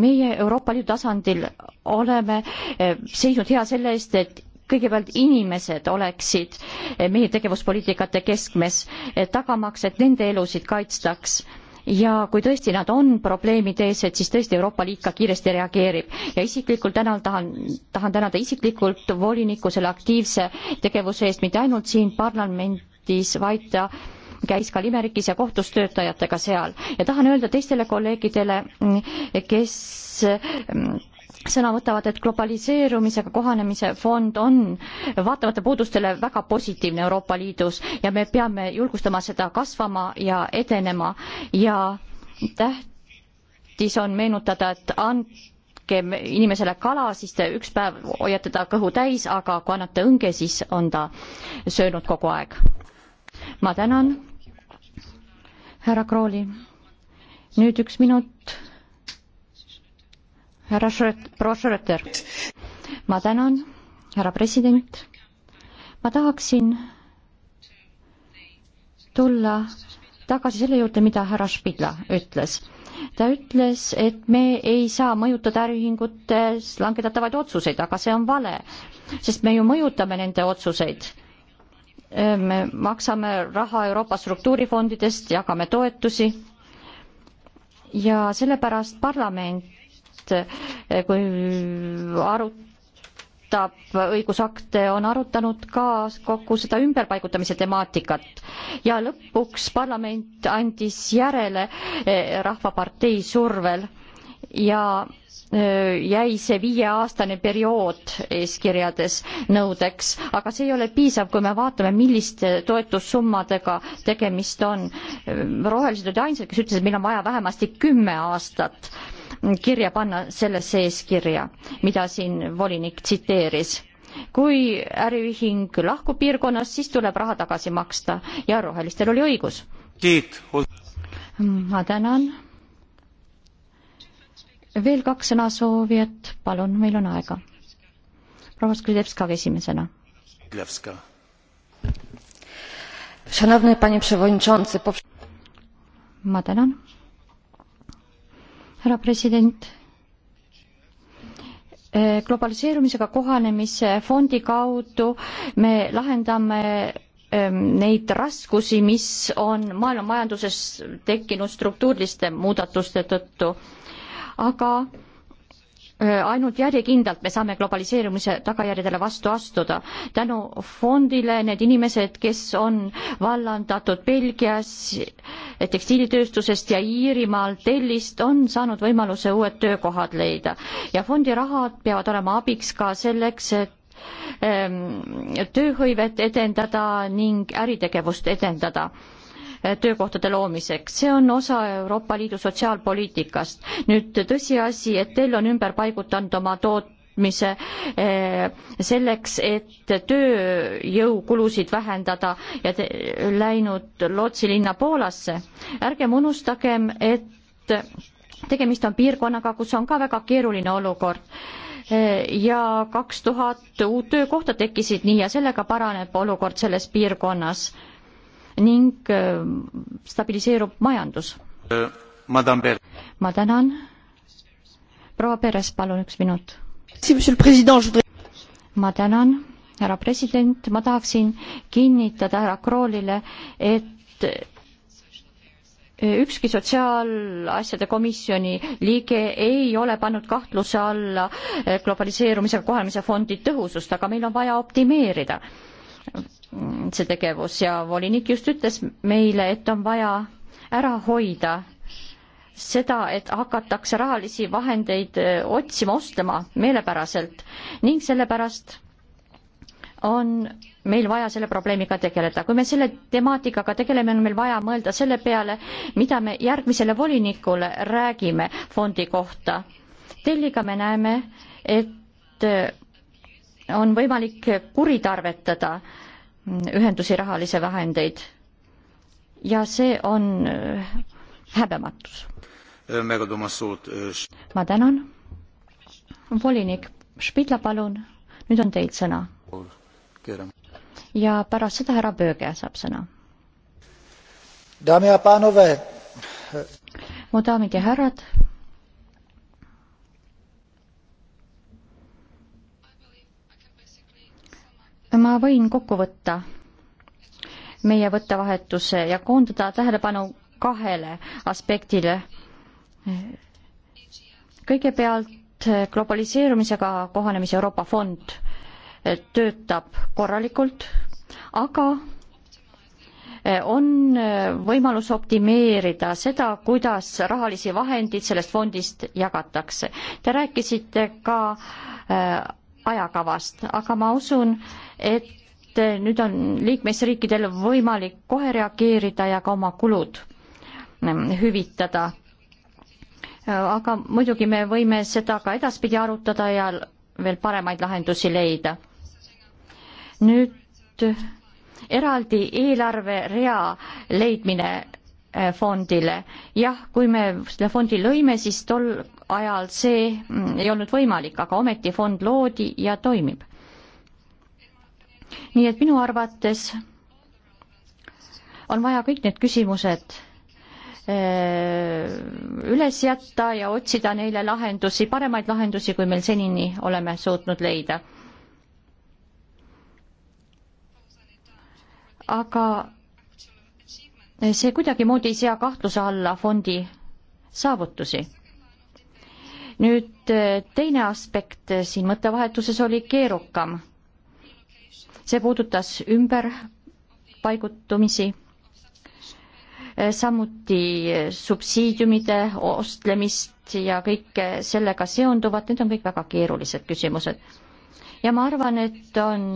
[SPEAKER 1] meie Euroopa Liidu tasandil oleme eh, seisnud hea selle eest, et kõigepealt inimesed oleksid eh, meie tegevuspoliitikate keskmes, eh, tagamaks, et nende elusid kaitstaks ja kui tõesti nad on probleemide ees, et siis tõesti Euroopa Liit ka kiiresti reageerib ja isiklikult tänan, tahan, tahan tänada isiklikult volinikku selle aktiivse tegevuse eest mitte ainult siin parlamendis, vaid ta äh, käis ka Limerikis ja kohtus töötajatega seal ja tahan öelda teistele kolleegidele, kes mm, sõna võtavad, et globaliseerumisega kohanemise fond on vaatamata puudustele väga positiivne Euroopa Liidus ja me peame julgustama seda kasvama ja edenema ja tähtis on meenutada, et andkem inimesele kala, siis te üks päev hoiate ta kõhu täis, aga kui annate õnge, siis on ta söönud kogu aeg. ma tänan härra Krooli. nüüd üks minut. härra Schröt-, proua Schröter. ma tänan, härra president. ma tahaksin tulla tagasi selle juurde, mida härra Spidla ütles. ta ütles, et me ei saa mõjutada äriühingutes langetatavaid otsuseid, aga see on vale, sest me ju mõjutame nende otsuseid me maksame raha Euroopa struktuurifondidest, jagame toetusi ja sellepärast parlament, eh, kui arutab õigusakte, on arutanud ka kogu seda ümberpaigutamise temaatikat ja lõpuks parlament andis järele eh, Rahvapartei survel ja jäi see viieaastane periood eeskirjades nõudeks, aga see ei ole piisav, kui me vaatame, milliste toetussummadega tegemist on. rohelised olid ainsad, kes ütlesid, et meil on vaja vähemasti kümme aastat kirja panna sellesse eeskirja, mida siin volinik tsiteeris kui äriühing lahkub piirkonnast, siis tuleb raha tagasi maksta ja rohelistel oli õigus. ma tänan veel kaks sõnasoovijat, palun, meil on aega. proua Sklevska esimesena. ma tänan. härra president e, globaliseerumisega kohanemise fondi kaudu me lahendame e, neid raskusi, mis on maailma majanduses tekkinud struktuuriliste muudatuste tõttu aga äh, ainult järjekindlalt me saame globaliseerumise tagajärjedele vastu astuda. tänu fondile need inimesed, kes on vallandatud Belgias tekstiilitööstusest ja Iirimaal tellist, on saanud võimaluse uued töökohad leida ja fondi rahad peavad olema abiks ka selleks, et ähm, tööhõivet edendada ning äritegevust edendada Eh, töökohtade loomiseks. see on osa Euroopa Liidu sotsiaalpoliitikast. nüüd tõsiasi, et Dell on ümber paigutanud oma toot-, tootmise eh, selleks, et tööjõukulusid vähendada ja läinud Lootsi linna Poolasse. ärgem unustagem, et tegemist on piirkonnaga, kus on ka väga keeruline olukord eh, ja kaks tuhat uut töökohta tekkisid nii ja sellega paraneb olukord selles piirkonnas ning äh, stabiliseerub majandus. Äh, ma tänan. proua Peres, palun üks minut. ma tänan, härra president, ma tahaksin kinnitada härra Kroolile, et äh, ükski sotsiaalasjade komisjoni liige ei ole pannud kahtluse alla globaliseerumisega kohanemise fondi tõhusust, aga meil on vaja optimeerida see tegevus ja volinik just ütles meile, et on vaja ära hoida seda, et hakatakse rahalisi vahendeid äh, otsima, ostlema meelepäraselt ning sellepärast on meil vaja selle probleemiga tegeleda. kui me selle temaatikaga tegeleme, on meil vaja mõelda selle peale, mida me järgmisele volinikule räägime fondi kohta. telliga me näeme, et äh, on võimalik kuritarvetada äh, ühendusi rahalisi vahendeid. ja see on äh, häbematus. Äh, äh, ma tänan. volinik Spidla, palun, nüüd on teil sõna. ja pärast seda härra Pööge saab sõna. mu daamid ja härrad ma võin kokku võtta meie võttevahetuse ja koondada tähelepanu kahele aspektile. kõigepealt globaliseerumisega kohanemise Euroopa fond töötab korralikult, aga on võimalus optimeerida seda, kuidas rahalisi vahendeid sellest fondist jagatakse. Te rääkisite ka äh, ajakavast, aga ma usun, et nüüd on liikmesriikidel võimalik kohe reageerida ja ka oma kulud mm, hüvitada. aga muidugi me võime seda ka edaspidi arutada ja veel paremaid lahendusi leida. nüüd eraldi eelarverea leidmine Äh, fondile. jah, kui me selle fondi lõime, siis tol ajal see mm, ei olnud võimalik, aga ometi fond loodi ja toimib. nii et minu arvates on vaja kõik need küsimused äh, üles jätta ja otsida neile lahendusi, paremaid lahendusi, kui meil senini oleme suutnud leida. aga see kuidagimoodi ei sea kahtluse alla fondi saavutusi. nüüd teine aspekt siin mõttevahetuses oli keerukam. see puudutas ümberpaigutumisi, samuti subsiidiumide ostlemist ja kõike sellega seonduvat, need on kõik väga keerulised küsimused. ja ma arvan, et on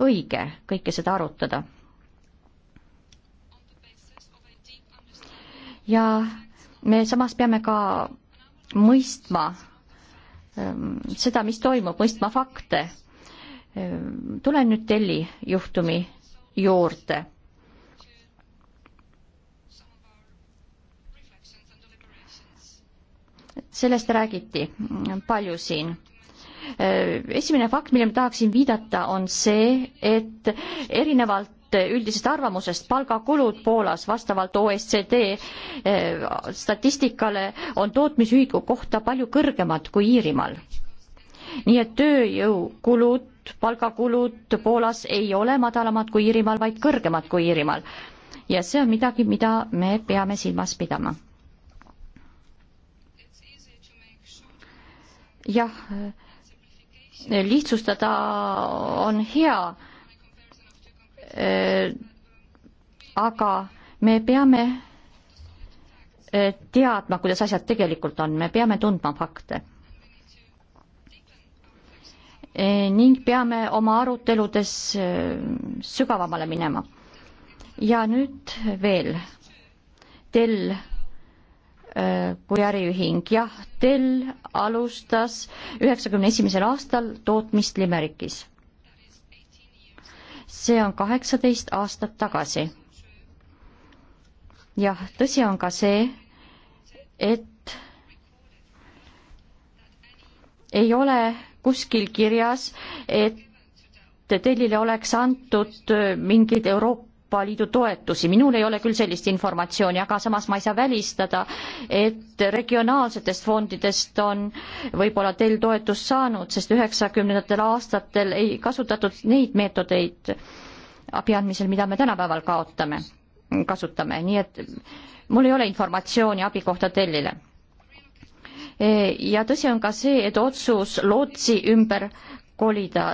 [SPEAKER 1] õige kõike seda arutada ja me samas peame ka mõistma ähm, seda, mis toimub, mõistma fakte. Ähm, tulen nüüd Telli juhtumi juurde. sellest räägiti palju siin äh, esimene fakt, millele ma tahaksin viidata, on see, et erinevalt üldisest arvamusest, palgakulud Poolas vastavalt OECD eh, statistikale on tootmisühiku kohta palju kõrgemad kui Iirimaal. nii et tööjõukulud, palgakulud Poolas ei ole madalamad kui Iirimaal, vaid kõrgemad kui Iirimaal. ja see on midagi, mida me peame silmas pidama. jah lihtsustada on hea, Äh, aga me peame äh, teadma, kuidas asjad tegelikult on, me peame tundma fakte. Äh, ning peame oma aruteludes sügavamale minema. ja nüüd veel. Dell kui äriühing, jah, Dell alustas üheksakümne esimesel aastal tootmist Limerikis see on kaheksateist aastat tagasi. jah, tõsi on ka see, et ei ole kuskil kirjas, et Tellile oleks antud mingid Euroopa Euroopa Liidu toetusi, minul ei ole küll sellist informatsiooni, aga samas ma ei saa välistada, et regionaalsetest fondidest on võib-olla teil toetust saanud, sest üheksakümnendatel aastatel ei kasutatud neid meetodeid abi andmisel, mida me tänapäeval kaotame, kasutame, nii et mul ei ole informatsiooni abi kohta tellile e, ja tõsi on ka see, et otsus Lootsi ümber kolida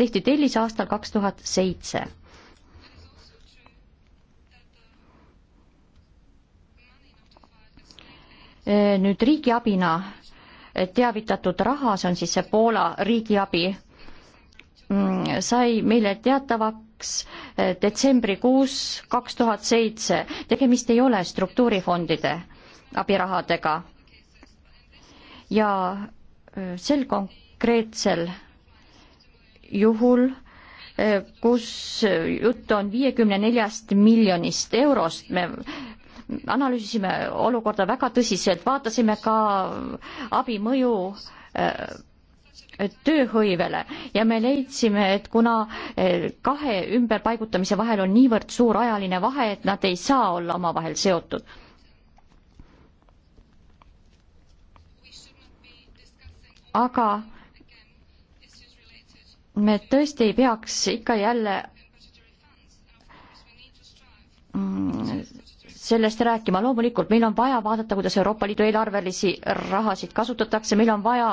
[SPEAKER 1] tehti tellis aastal kaks tuhat seitse Eh, nüüd riigiabina eh, teavitatud raha, see on siis see Poola riigiabi, mm, sai meile teatavaks eh, detsembrikuus kaks tuhat seitse. tegemist ei ole struktuurifondide abirahadega. ja sel konkreetsel juhul kus jutt on viiekümne neljast miljonist eurost, me analüüsisime olukorda väga tõsiselt, vaatasime ka abi mõju äh, tööhõivele ja me leidsime, et kuna äh, kahe ümberpaigutamise vahel on niivõrd suur ajaline vahe, et nad ei saa olla omavahel seotud. aga me tõesti ei peaks ikka jälle sellest rääkima, loomulikult meil on vaja vaadata, kuidas Euroopa Liidu eelarvelisi rahasid kasutatakse, meil on vaja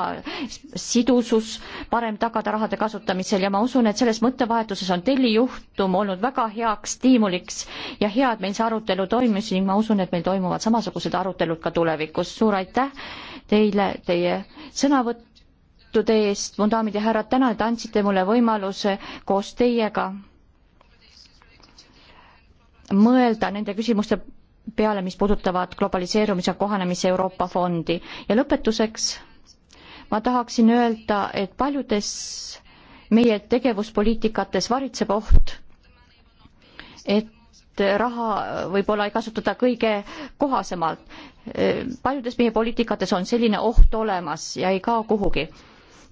[SPEAKER 1] sidusus parem tagada rahade kasutamisel ja ma usun, et selles mõttevahetuses on Telli juhtum olnud väga heaks stiimuliks ja hea, et meil see arutelu toimus ning ma usun, et meil toimuvad samasugused arutelud ka tulevikus. suur aitäh teile teie sõnavõttude eest, mu daamid ja härrad, täna te andsite mulle võimaluse koos teiega mõelda nende küsimuste peale, mis puudutavad globaliseerumise kohanemise Euroopa fondi. ja lõpetuseks ma tahaksin öelda, et paljudes meie tegevuspoliitikates varitseb oht, et raha võib-olla ei kasutata kõige kohasemalt. paljudes meie poliitikates on selline oht olemas ja ei kao kuhugi.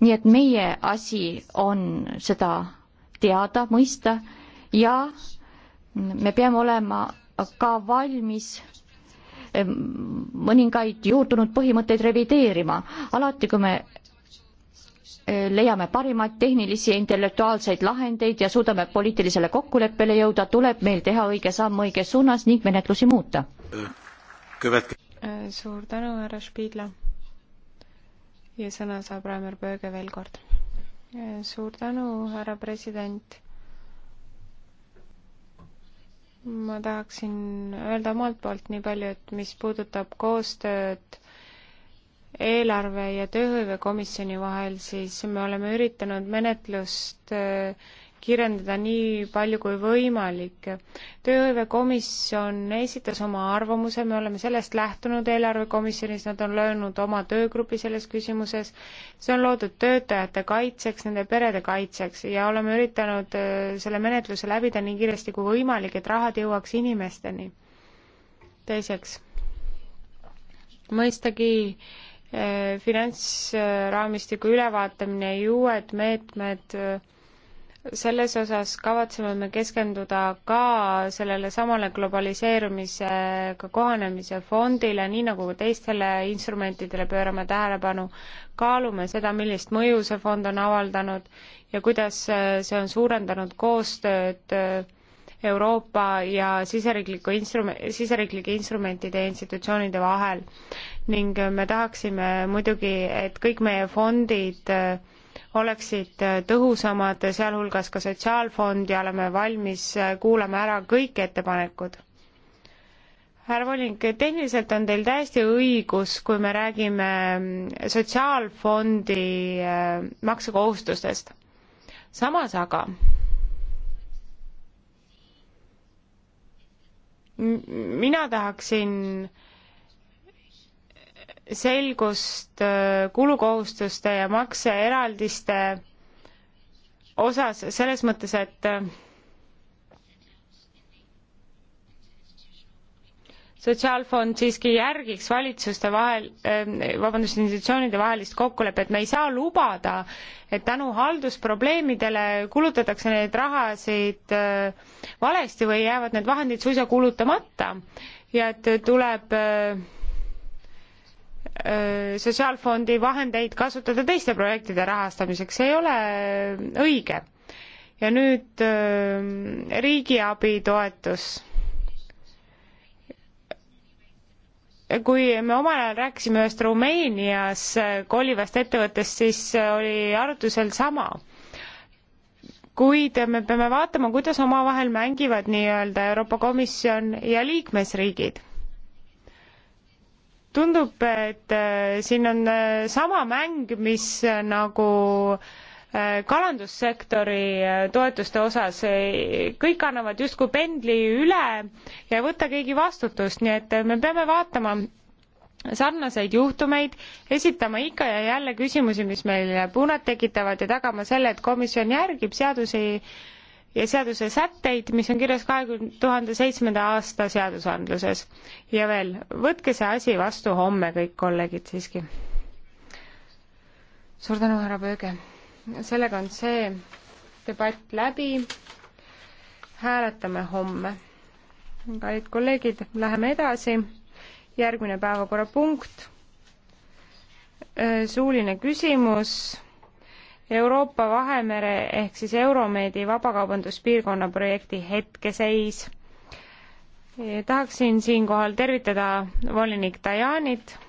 [SPEAKER 1] nii et meie asi on seda teada, mõista ja me peame olema ka valmis mõningaid juurdunud põhimõtteid revideerima. alati, kui me e, leiame parimaid tehnilisi ja intellektuaalseid lahendeid ja suudame poliitilisele kokkuleppele jõuda, tuleb meil teha õige samm õiges suunas ning menetlusi muuta.
[SPEAKER 2] Äh, suur tänu, härra Spiidla. ja sõna saab Raimer Pööge veel kord. Äh, suur tänu, härra president ma tahaksin öelda omalt poolt nii palju, et mis puudutab koostööd eelarve ja tööhõivekomisjoni vahel, siis me oleme üritanud menetlust äh, kirjeldada nii palju kui võimalik. tööhõivekomisjon esitas oma arvamuse, me oleme sellest lähtunud eelarvekomisjonis, nad on löönud oma töögrupi selles küsimuses. see on loodud töötajate kaitseks, nende perede kaitseks ja oleme üritanud äh, selle menetluse läbida nii kiiresti kui võimalik, et rahad jõuaks inimesteni. teiseks, mõistagi äh, finantsraamistiku ülevaatamine ja uued meetmed meet, äh, selles osas kavatseme me keskenduda ka sellele samale globaliseerumisega kohanemise fondile, nii nagu teistele instrumentidele pöörame tähelepanu, kaalume seda, millist mõju see fond on avaldanud ja kuidas äh, see on suurendanud koostööd äh, Euroopa ja siseriikliku instrument, siseriiklike instrumentide ja institutsioonide vahel. ning me tahaksime muidugi, et kõik meie fondid äh, oleksid äh, tõhusamad, sealhulgas ka Sotsiaalfond ja oleme valmis äh, kuulama ära kõik ettepanekud. härra Volling, tehniliselt on teil täiesti õigus, kui me räägime mm, Sotsiaalfondi äh, maksekohustustest. samas aga mina tahaksin äh, selgust äh, kulukohustuste ja makseeraldiste osas selles mõttes, et äh, sotsiaalfond siiski järgiks valitsuste vahel, äh, vabandust, institutsioonide vahelist kokkulepet, me ei saa lubada, et tänu haldusprobleemidele kulutatakse neid rahasid valesti või jäävad need vahendid suisa kulutamata ja et tuleb Äh, sotsiaalfondi vahendeid kasutada teiste projektide rahastamiseks, see ei ole õige. ja nüüd äh, riigiabi toetus. kui me omal ajal rääkisime ühest Rumeenias äh, kolivast ettevõttest, siis oli arutlusel sama kuid me peame vaatama, kuidas omavahel mängivad nii-öelda Euroopa Komisjon ja liikmesriigid tundub, et äh, siin on äh, sama mäng, mis äh, nagu kalandussektori toetuste osas, kõik annavad justkui pendli üle ja ei võta keegi vastutust, nii et me peame vaatama sarnaseid juhtumeid, esitama ikka ja jälle küsimusi, mis meile punad tekitavad ja tagama selle, et komisjon järgib seadusi äh, ja seaduse sätteid, mis on kirjas kahekümne tuhande seitsmenda aasta seadusandluses. ja veel, võtke see asi vastu homme, kõik kolleegid siiski. suur tänu, härra Pööge. sellega on see debatt läbi. hääletame homme. kallid kolleegid, läheme edasi. järgmine päevakorrapunkt. suuline küsimus Euroopa Vahemere ehk siis Euromeedi vabakaubanduspiirkonna projekti hetkeseis. tahaksin siinkohal tervitada volinik Dajanit